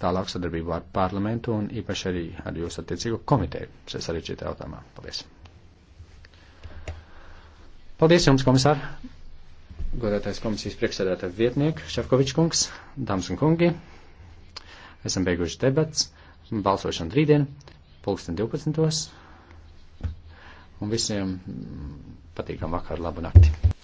tālāk sadarbību ar parlamentu un īpaši arī ar jūsu attiecīgo komiteju šajā sarežģītā jautājumā. Paldies! Paldies jums, komisār! Godātais komisijas priekšsēdētāja vietnieks Šefkovičs kungs, dāmas un kungi, esam beiguši debats, balsošana rītdien, pulksten 12. Un visiem patīkam vakar, labu nakti!